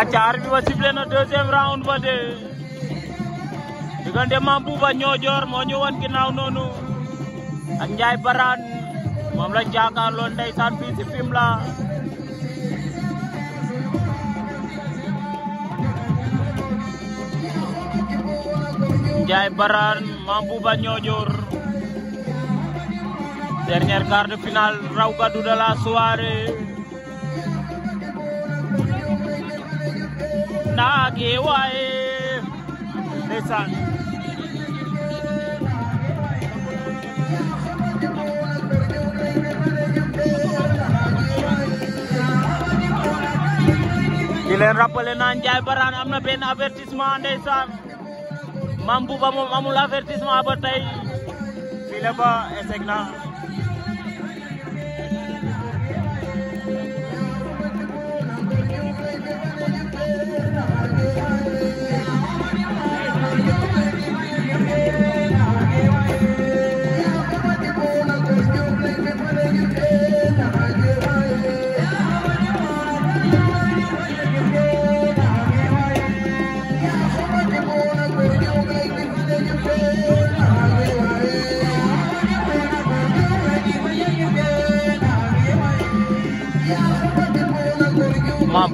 acca arbitre ba sifflé na ba de diggante Mame Bouba Niodior moo ñu wan ginnaaw noonu ak Ndiaye Barane moom lañ jàkkaarloo ndeysaan fii si Fimela Ndiaye Barane Mame Bouba Niodior dernier quart de finale raw gadu de la soirée dage waaye ndeysaan di leen rappelé naa Ndiaye Barane am na benn avertissement ndeysaan Mame Bouba moom amul avertissement ba tey fii la ba échec na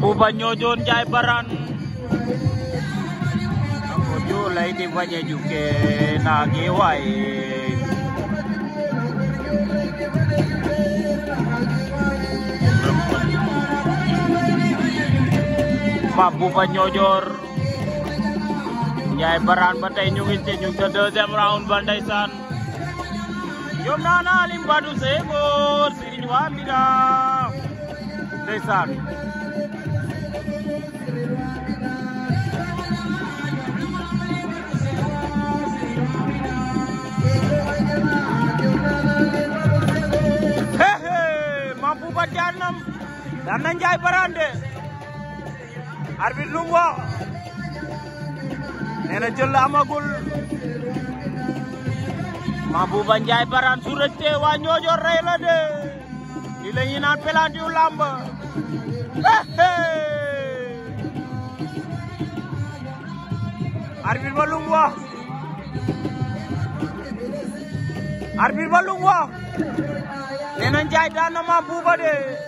buban nyo doon jaibaran ang budyo lay di ba niya juke nagiway buban nyo jor jaibaran batay nyung inti nyung tadadam round bandai san Yom nana limbadu sirinwa sirinyuamira Desan. daan na daan na Njaay Barande arbitre lu mu wax nee jël la amagul Mabouba Njaay Barande su rëcce waa Ñoojoor rey de li la ñuy naan pelantiw làmb arbitre ba lu mu wax arbitre ba lu mu wax na Njaay daan na Mame Bouba de